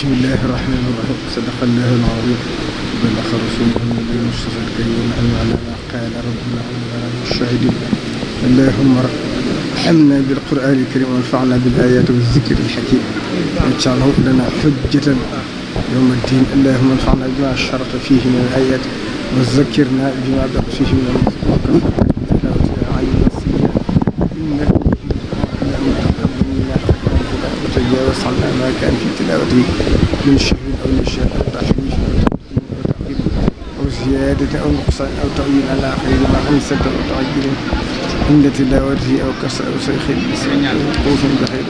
bismillahi rahmani rahim sadaqallahu al-azim balaxa rasuluhu al-mustafa al-karim al-alama qala rabbuna wa mushahidin allahumma arhamna bil qur'an al-karim wanfa'na bil ayati wa zikri al-hakim waj'alhu lana hujjatan yawma al-din allahumma anfa'na bima sharata fihi min al-ayati wa zakkirna bima baqiya fihi min al-ayati كان في تلاوته من شهر أو نشر أو تحريف أو تقديم أو تأخير أو زيادة أو نقصان أو تأويل على آخره مع خمسة أو تعجيل عند تلاوته أو كسر أو سيخ بلسان أو وقوف بخير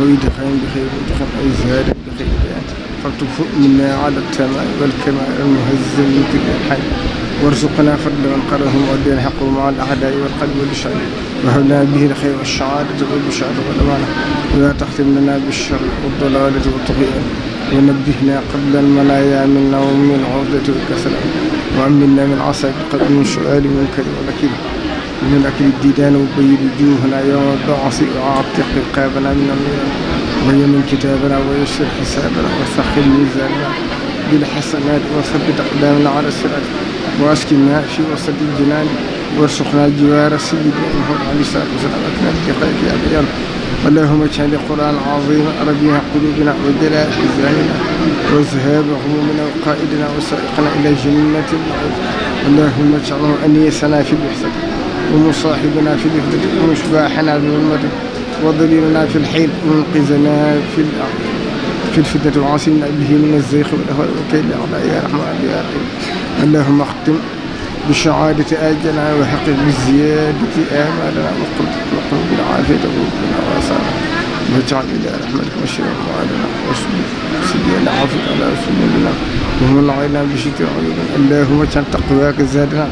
أو إدخال بخير إدخال أو زيادة بخير فارتفع منا على التمام والكمال المهزم من كل الحال وارزقنا فضل من قرهم ودين حقه مع الأعداء والقلب والشعب وهب لنا به الخير والسعادة والبشارة والأمانة ولا تختم لنا بالشر والضلالة والطغيان ونبهنا قبل المنايا من نوم من العرضة والكسل وأمنا من عصب قد من سؤال منكر ونكير من أكل الديدان وبين وجوهنا يوم البعث وأعتق رقابنا من النيران ويمن كتابنا ويسر حسابنا وسخر ميزاننا بالحسنات وثبت أقدامنا على الصراط وأسكننا في وسط الجنان وارزقنا جوار سيدنا محمد عليه الصلاة والسلام أكرم بخير في أبيان اللهم اجعل القرآن العظيم ربيع قلوبنا ودلاء أحزاننا وذهاب همومنا وقائدنا وسائقنا إلى جنة النعيم اللهم اجعله أنيسنا في بحثك ومصاحبنا في بحثك ومشباحنا بظلمتك وضليلنا في الحيل ومنقذنا في الأرض في الفتنة وعاصمنا به من الزيخ والهوى وكيل يا رحمن يا رحيم اللهم اختم بسعادة آجلنا وحق بزيادة آمالنا وقرب بالعافية وقربنا وأسعنا واجعل إلى رحمتك مشيرا وعلنا واصبر سبيل عافية على سبيلنا وهم العينا بشكر عيوبنا اللهم اجعل تقواك زادنا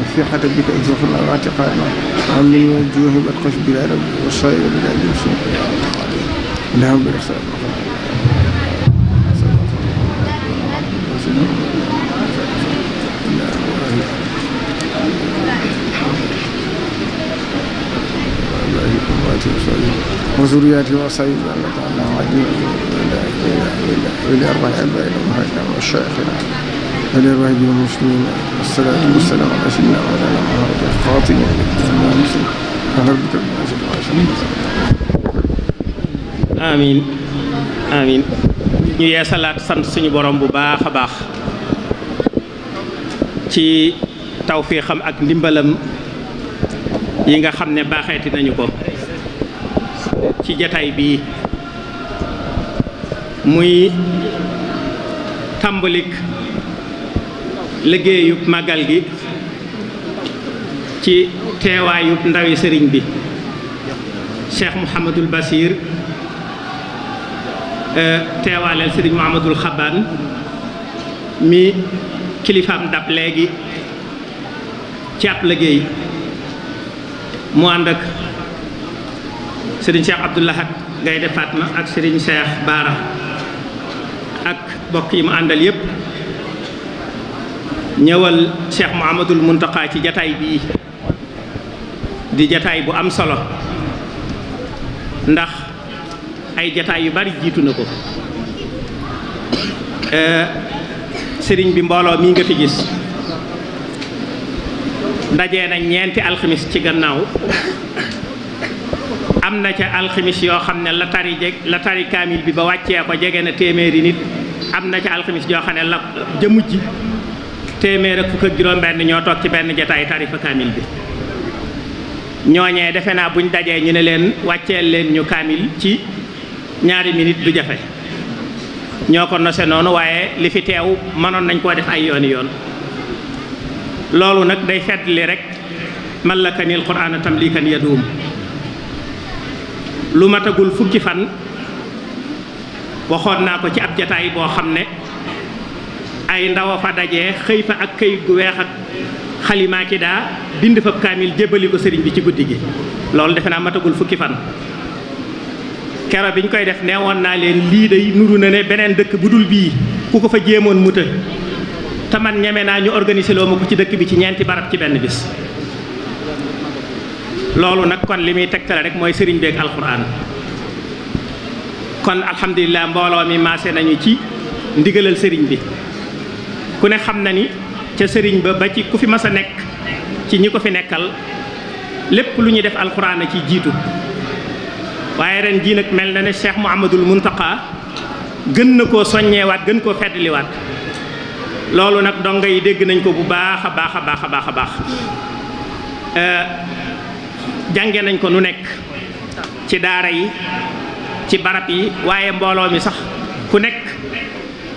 وفيحة بك أزرفنا واعتقادنا وعن الوجوه والخش بلا رب وصائر بلا يوسف اللهم بارك السماوات والأرض وذرياته وصيب أنك على عديد ولأربع أباء وهكذا والشافعين ولأربعين المسلمين والصلاة والسلام على سيدنا مولانا محمد الخاتم المسلم وربك الناس amiin amiin ñu yeesalaat sant suñu borom bu baax a baax ci tawfiixam ak ndimbalam yi nga xam ne baaxeeti nañu ko ci jataay bii muy tàmbalik liggéeyub màggal gi ci teewaayub ndawi sëriñ bi cheikh mouhamadul basir euh, teewaaleel sëriñ mouhamadul xabaan mi kilifaam dab léegi ci ab liggéey mu ànd sëriñ Cheikh Abdou Lahad Gaynde Fatma ak sëriñ Cheikh Baara ak bokk yi mu àndal yépp ñëwal Cheikh Mouhamadul Mountakha ci jataay bii di jataay bu am solo ndax ay jataay yu bari jiitu na ko euh, sëriñ bi mbooloo mi nga fi gis dajee na ñeenti alxamis ci gannaaw am na ca alximis yoo xam ne la tari jeg la tari kaamil bi ba wàccee ko jege na téeméeri nit am na ca alximis yoo xam ne la jëmu ji téeméer ak fukk ak juróom-benn ñoo toog ci benn jotaay tari fa kaamil bi ñooñee defe naa buñ dajee ñu ne leen wàcceel leen ñu kaamil ci ñaari minute du jafe ñoo ko nose noonu waaye li fi teew mënoon nañ koo def ay yooni yoon loolu nag day fedd li rek mallakanil qur'aana ya yaduum lu matagul fukki fan waxoon naa ko ci ab jataay boo xam ne ay ndaw a fa dajee xëy fa ak këyit gu weex ak xalimaa ki daa bind fa kaamil jébbali ko sëriñ bi ci guddi gi loolu defe naa matagul fukki fan kero bi ñu koy def nee naa leen lii day nuru na ne beneen dëkk bu dul bii ku ko fa jéemoon mu të te man ñeme naa ñu organiser loo ma ko ci dëkk bi ci ñeenti barab ci benn bis loolu nag kon li muy tegtale rek mooy sëriñ beeg alxuraan kon alhamdulilah mbooloo mi maase nañu ci ndigalal sëriñ bi ku ne xam na ni ca sëriñ ba ba ci ku fi mas a nekk ci ñi ko fi nekkal lépp lu ñuy def alxuraan a ci jiitu waaye ren jii nag mel na ne Cheikh Mouhamadul Muntaqa gën na koo soññeewaat gën koo feddliwaat loolu nag donga yi dégg nañ ko bu baax a baax a baax a baax a baax euh, jànge nañ ko nu nekk ci daara yi ci barab yi waaye mbooloo mi sax ku nekk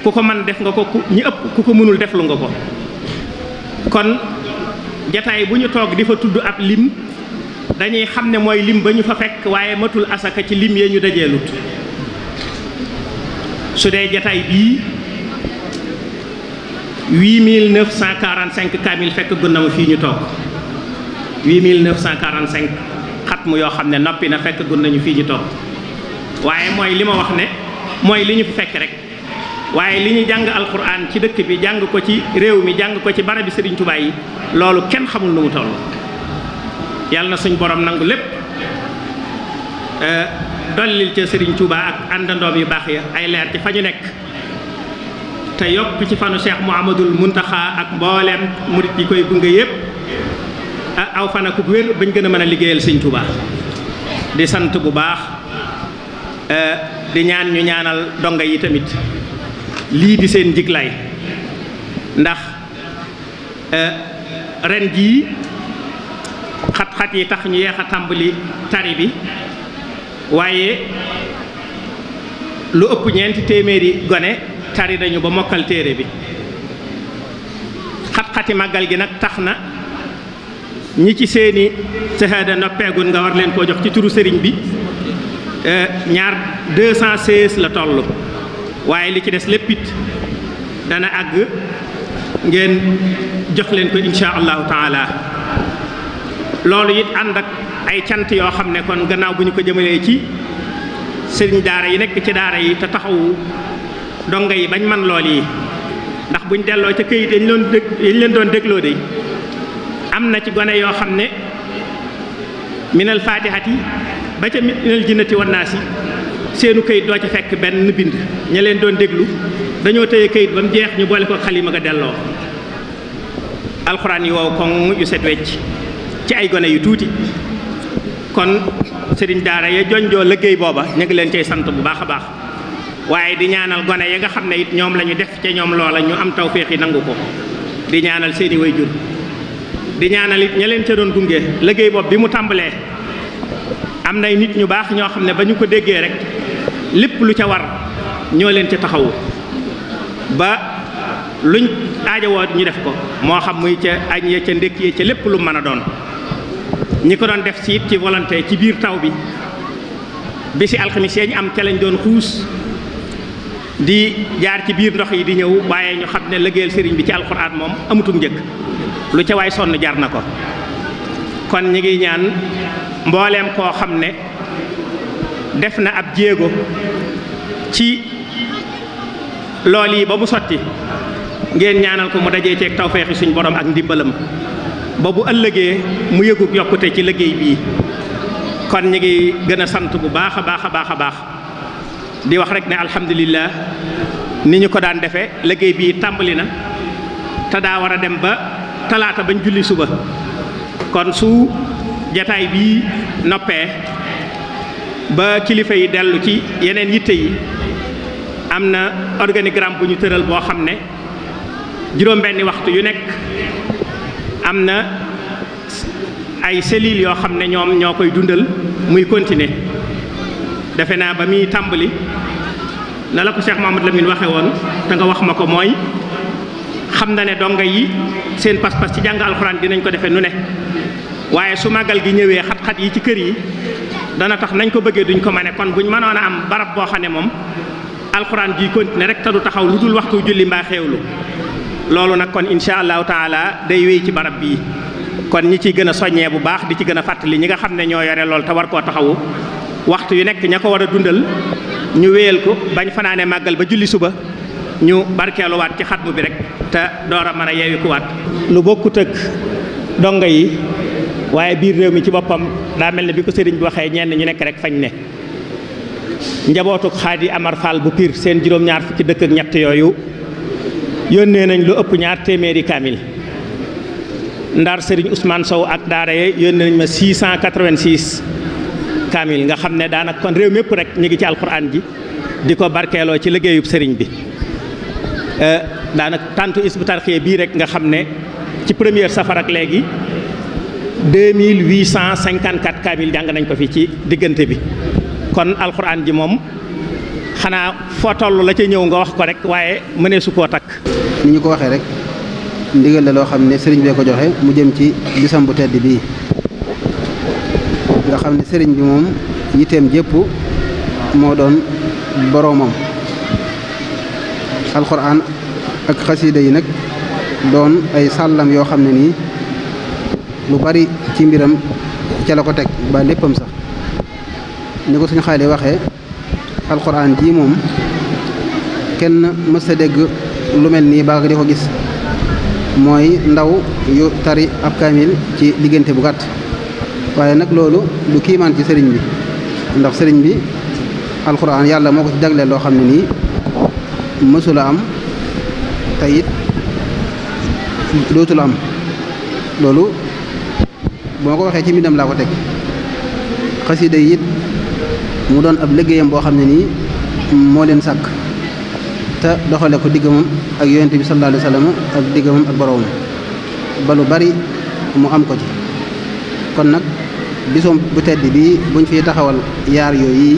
ku ko mën def nga ko ku ñi ëpp ku ko mënul def lu nga ko kon jataay bu ñu toog di fa tudd ak lim dañuy xam ne mooy lim ba ñu fa fekk waaye matul asaka ci lim yee ñu dajee dajeelut su dee jataay bii 8945 kamil fekk gun na fii ñu toog 8945 xat mu yoo xam ne noppi na fekk gun nañu fii ñu toog waaye mooy li ma wax ne mooy li ñu fi fekk rek waaye li ñu jàng alquran ci dëkk bi jàng ko ci réew mi jàng ko ci barabi Sëriñ Tuubaa yi loolu kenn xamul nu mu toll yàlla na suñ borom nangu lépp euh, dollil ca Sëriñ Tuubaa ak àndandoom yu baax ya ay leer ci fa ñu nekk te yokk ci fanu mu Mouhamadoul Mountakha ak mboolem murit yi koy gunge yépp ak aw fan ak wér bañ gën a mën a liggéeyal sëñ Touba di sant bu baax eh, di ñaan ñu ñaanal donga yi tamit lii di seen njiglaay ndax eh, ren jii xat-xat yi tax ñu yeex a tàmbali tari bi waaye lu ëpp ñeenti téeméeri gone tari dañu ba mokkal téere bi xat-xati màggal gi nag tax na ñi ci seeni sahaada noppeegun nga war leen koo jox ci turu sëriñ bi eh, ñaar 216 la toll waaye li ci des lépp dana àgg ngeen jox leen ko insha allahu taala loolu it ànd ak ay cant yoo xam ne kon gannaaw bu ñu ko jëmalee ci sëriñ daara yi nekk ci daara yi te taxawu donga yi bañ man lool yi ndax buñ delloo ca këyit dañ leen doon dégloo de am na ci gone yoo xam ne minal faatihati ba ca minal jinnati wan naas yi seenu kayit doo ci fekk benn bind ña leen doon déglu dañoo tëye këyit ba mu jeex ñu boole ko xalima ga delloo alxuraan yi wow koŋ yu set wecc ci ay gone yu tuuti kon sëriñ daara ya jonjoo liggéey booba ñu ngi leen cay sant bu baax a baax waaye di ñaanal gone ya nga xam ne it ñoom la ñu def ca ñoom loola ñu am tawféex yi nangu ko di ñaanal seeni way jur di ñaanal it ña leen ca doon gunge liggéey bopp bi mu tàmbalee am nay nit ñu baax ñoo xam ne ba ñu ko déggee rek lépp lu ca war ñoo leen ca taxawu ba luñ aajowoo ñu def ko moo xam muy ca añ ya ca ndékk ya ca lépp lu mën a doon ñi ko doon def si it ci volonté ci biir taw bi bi si alxamis ñu am ca lañ doon xuus di jaar ci biir ndox yi di ñëw waaye ñu xam ne liggéeyal sëriñ bi ci alxuraan moom amutum njëkk lu ca sonn jar na ko kon ñi ngi ñaan mbooleem koo xam ne def na ab jéego ci lool yi ba mu sotti ngeen ñaanal ko mu dajee ceeg tawféexi suñ borom ak ndimbalam ba bu ëllëgee mu yëgu yokkute ci liggéey bii kon ñu ngi gën a sant bu baax a baax a baax a baax di wax rek ne alhamdulilah ni ñu ko daan defee liggéey bii tàmbali na te daa war a dem ba talaata bañ julli suba kon su jataay bii noppee ba kilifa yi dellu ci yeneen yitte yi am na organigramme bu ñu tëral boo xam ne juróom-benni waxtu yu nekk am na ay cellules yoo xam ne ñoom ñoo koy dundal muy continuer defe naa ba muy tàmbali na la ko Cheikh Mamadou Lamine waxe woon te nga wax ma ko mooy xam na ne donga yi seen pas-pas ci jàng alxuraan dinañ ko defee nu ne waaye su màggal gi ñëwee xat-xat yi ci kër yi dana tax nañ ko bëggee duñ ko ma mane kon bu ñu a am barab boo xam ne moom alxuraan ji continué rek te du taxaw lu dul waxtu julli mbaa lu loolu nag kon incha allahu taala day wéy ci barab bii kon ñi ciy gën a soññee bu baax di ci gën a fàttali ñi nga xam ne ñoo yore loolu te war koo taxawu waxtu yu nekk ña ko war a dundal suba ñu barkeeluwaat ci xatmu bi rek te door a mën a yeewikuwaat lu bokkut ak donga yi waaye biir réew mi ci boppam daa mel ne bi ko sëriñ bi waxee ñeen ñu nekk rek fañ ne njabootuk xaadi Amar Fall bu Pire seen juróom-ñaar fukki dëkk ak ñett yooyu yónnee nañ lu ëpp ñaar téeméeri kaamil ndar sëriñ Ousmane Sow ak daara ye yónnee nañ ma 686 kaamil nga xam ne daanaka kon réew mépp rek ñu ngi ci alxuraan ji di ko barkeeloo ci liggéeyub sëriñ bi Euh, daanaka tàntu Hizbut Tarqiyyah bii rek nga xam ne ci première safar ak léegi 2854 kaamil jàng nañ ko fi ci diggante bi kon alxuraan ji moom xanaa foo toll la ca ñëw nga wax ko rek waaye mënee su koo takk. ni ñu ko waxee rek ndigal la loo xam ne sëriñ bee ko joxe mu jëm ci bisam bu tedd bii nga xam ne sëriñ bi moom yitteem jépp moo doon boroomam. alxuraan ak xasiida yi nag doon ay sàllam yoo xam ne nii lu bari ci mbiram ca la ko teg ba léppam sax ni ko suñu xaali waxe alxuraan ji moom kenn mës dégg lu mel nii baa di ko gis mooy ndaw yu tari ab kaamil ci diggante bu gàtt waaye nag loolu du kiimaan ci sëriñ bi ndax sëriñ bi alxuraan yàlla moo ko ci jagleel loo xam ne nii mësula am te it dootul am loolu boo ko waxee ci mbindam laa ko teg xasida yi it mu doon ab liggéeyam boo xam ne nii moo leen sàkk te doxale ko diggamam ak yonente bi sallallahu alayhi wa ak diggamam ak boroomam ba lu bari mu am ko ci kon nag bisoom bu tedd bi buñ fiy taxawal yaar yooyu yi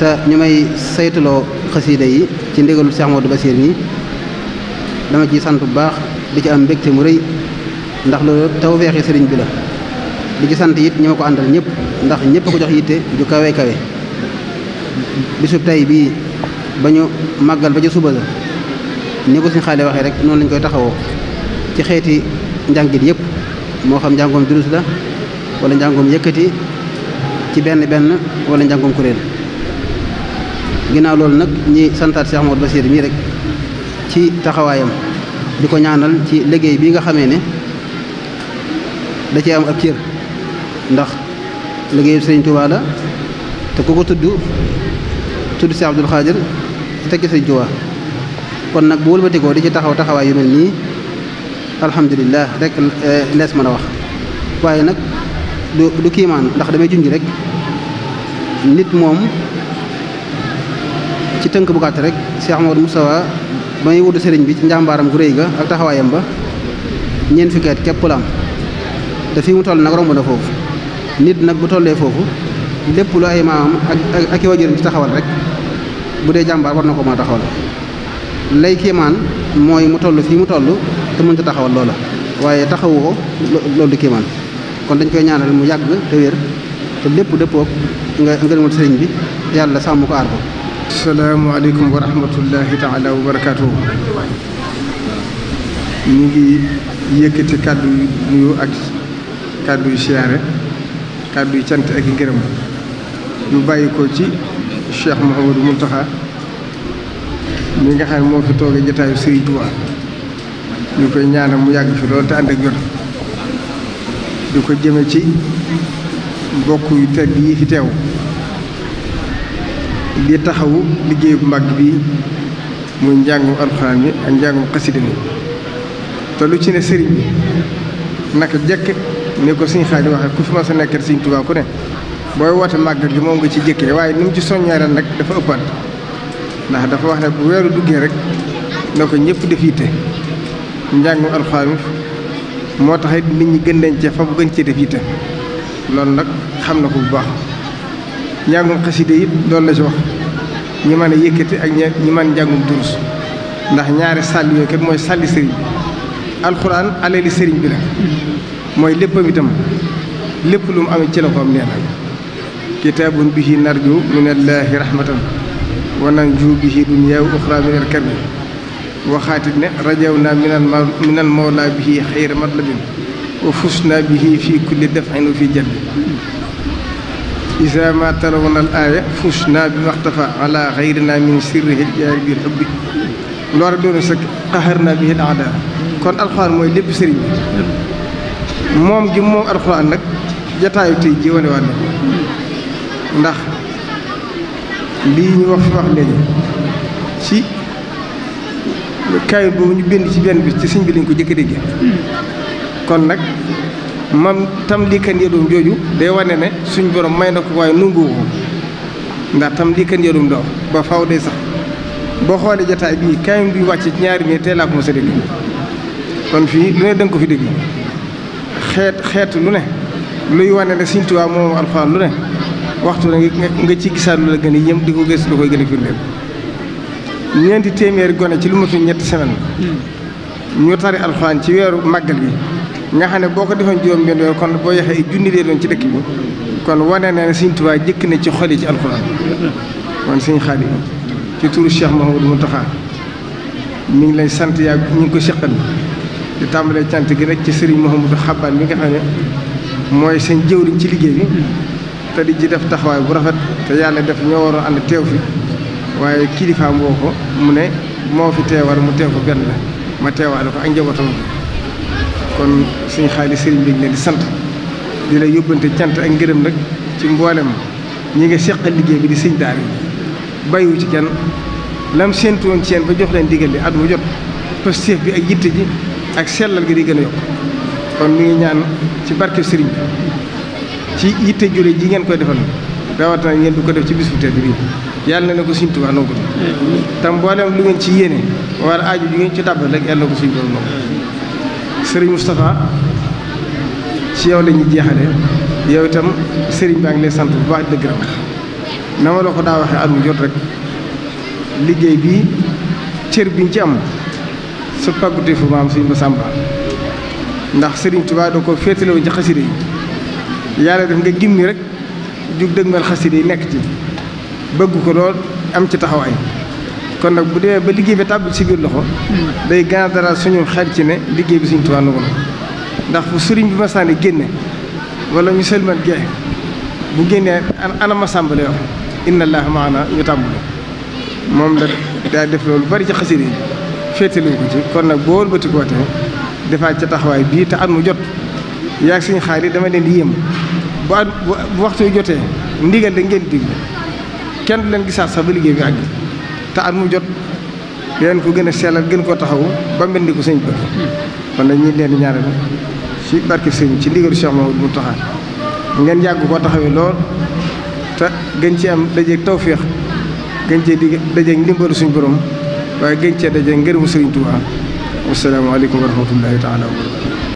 te ñu may saytuloo xasiida yi ci ndigalu Cheikh Modou Bassir nii dama ci sant bu baax di ci am mbégte mu rëy ndax loolu tawfeexi sëriñ bi la di ci sant it ñi ma ko àndal ñëpp ndax ñëpp ko jox yitte ju kawe kawe bisub tey bii ba ñu màggal ba ca suba la ni ko si xaale waxee rek noonu lañ koy taxawoo ci xeeti njàngit yépp moo xam njàngoom durus la wala njàngoom yëkkati ci benn benn wala njàngoom kuréel ginnaaw loolu nag ñi santaat Cheikh Modou Bassir mii rek ci taxawaayam di ko ñaanal ci liggéey bi nga xamee ne da cee am ab cër ndax liggéeyu Sëriñ Tuubaa la te ku ko tudd tudd Cheikh Abdoul Khadir tekki Sëriñ Tuubaa kon nag bu wëlbatikoo di ci taxaw taxawaay yu mel nii alhamdulilah rek eh, lees mën a wax waaye nag du du kiimaan ndax damay junj rek nit moom ci tënk bu gàtt rek Cheikh Amadou Moustapha ba muy wutu sëriñ bi ci njàmbaaram gu réy ga ak taxawaayam ba ñeent fukki at képp la te fii mu toll nag romb na foofu nit nag bu tollee foofu lépp lu ay maamam ak ak i waajuram ci taxawal rek bu dee jàmbaar war na ko mën a taxawal lay kiimaan mooy mu toll fii mu toll te mënta taxawal loola waaye taxawu ko loolu di kiimaan kon dañ koy ñaanal mu yàgg te wér te lépp dëppoog nga ngërëmal sëriñ bi yàlla sàmm salaamualeykum wa rahmatullahi taala wa barakaatu. ñu ngi yëkkati kàddu yu nuyu ak kàddu yu siyaare kàddu yu cant ak ngërëm ñu bàyyi ko ci Cheikh Mouhamadou Mountakha mu nga xam ne moo fi toogee jataayu Serigne Touba ñu koy ñaanal mu yàgg fi loolu te ànd ak jot di ko jëme ci mbokk yu tedd yi fi teew. di taxawu liggéeyu mag bi muy njàngum alxuraan bi ak njàngum xasida mi te lu ci ne sëriñ bi naka jekk ni ko suñ xaaj waxee ku fi ma sa nekkal suñ Tuubaa ku ne booy woote màggal gi moom nga ci jëkkee waaye ni mu ci soññee ren nag dafa ëppaat ndax dafa wax ne bu weeru duggee rek ne ko ñëpp def yitte njàngum alxuraan bi moo tax nit ñi gën leen cee fa gën cee def yitte loolu nag xam na ko bu baax njàngum xasida it loolu la ci wax ñi man a yëkkati ak ñi mën njàngum durus ndax ñaari sàll yooyu kat mooy sàlli sëriñ bi alxuraan alali sëriñ bi la mooy léppam itam lépp lu mu amee ci la ko am nee na kitaabun bihi narju minallaahi rahmatan wa nanju bihi dunyaa wa uxraa min al karbi waxaatit ne rajaw naa minal minal mawlaa bihi xayra matlabin wa fus naa bihi fii kulli daf'in wa fii jalbi isa ma tarawna al aaya fuus naa bi waxtafa ala xayrina min sirrihil jaari bil xubbi loolu doonu sa xaxar naa bi aada kon alxuraan mooy lépp sëriñ bi moom gi moom alxuraan nag jataayu tey ji ndax lii ñu wax fi wax léegi ci kayit boobu ñu bind ci benn bis ci sëñ bi lañ ko jëkk dégge kon nag mam tam likandiɗum jooju day wane ne suñ borom may na ko waaye nungu ko ndax tam likandiɗum ɗo ba faw fawde sax boo xoolee jotaay bii kañ bi wàcc ci ñaari mi teel a ko mos kon fii lu ne danga ko fi dégg xeet xeet lu ne luy wane ne Sëriñ Tuubaa moom lu ne waxtu na nga ci gisaat lu la gën a yëm di ko gëstu lu koy gën a firndeel ñeenti téeméeri gone ci lu matul ñetti semaine hmm. ñu tari alxuraan ci weeru màggal gi nga xam ne boo ko defoon juróom benn yoon kon boo yaxee ay junni dee doon ci dëkk bi kon wane na ne Sëriñ Tuubaa jëkk na ci xol yi ci alxuraan kon Sëriñ Xaadim ci turu Cheikh Mouhamadou Mountakha mi ngi lay sant yaa ñu ngi ko seqal di tàmbalee cant gi rek ci Serigne Mouhamadou Xabbaan mi nga xam ne mooy seen jëwriñ ci liggéey bi te di ci def taxawaay bu rafet te yàlla def ñoo waroon ànd teew fi waaye kilifaam woo ko mu ne moo fi war mu teew ko benn la ma ko ak njabootam kon suñu xaalis sëriñ bi leen di sant di lay yóbbante cant ak ngërëm nag ci mboolem ñi nga seqal liggéey bi di sëñ daal yi ci kenn lam séentu woon ci yéen ba jox leen digal bi at mu jot positif bi ak yitte ji ak sellal gi di gën a yokk kon mi ngi ñaan ci barke sëriñ bi ci yitte jule ji ngeen koy defal rawatina ngeen du ko def ci bis bi tedd bii yàlla na ne ko suñ Tuubaa nangu tam mboolem lu ngeen ci yéene war aaju ju ngeen ci dàbbal rek yàlla na ko suñ sëriñ Moustapha ci yow lañuy ñuy jeexale yow itam sëriñ baa ngi lay sant bu baax dëgg rek na ma la ko daa waxee at mu jot rek liggéey bi cër biñ ci am su pàggutee fu maam suñu Masamba ndax sëriñ Tuubaa da ko féetalewoon ci xaside yi yàlla def nga gimmi rek jug dëgmal xaside yi nekk ci bëggu ko lool am ci taxawaay kon nag bu demee ba liggéey bi tàbbi ci biir loxo hmm. day gën a dara suñu xel ci ne liggéey bi suñu Tuubaa nangu na ndax bu sëriñ bi masaane génne wala ñu sëlman gee bu génnee ana masamba lay wax inna ñu tàmbul moom la daa def loolu bari ci xasir yi féetali ko ci kon nag boo wëlbati ko te defaat ca taxawaay bii te at mu jot yaa suñu xaar dama leen di yéem bu at bu waxtu jotee ndigal da ngeen digg kenn du leen gisaat sax ba liggéey bi te at mu jot leen ku gën a sellal gën koo taxawu ba mel ni ko sëñ bi kon nag ñu leen di ñaanal ci barke sëñ ci ndigalu Cheikh Mamadou Mountakha ngeen yàgg koo taxawee lool te gën ci am dajeeg tawféex gën cee di dajeeg ndimbalu suñu borom waaye gën cee dajeeg ngërëmu sëriñ Touba. wasalaamaaleykum wa rahmatullahi taala wa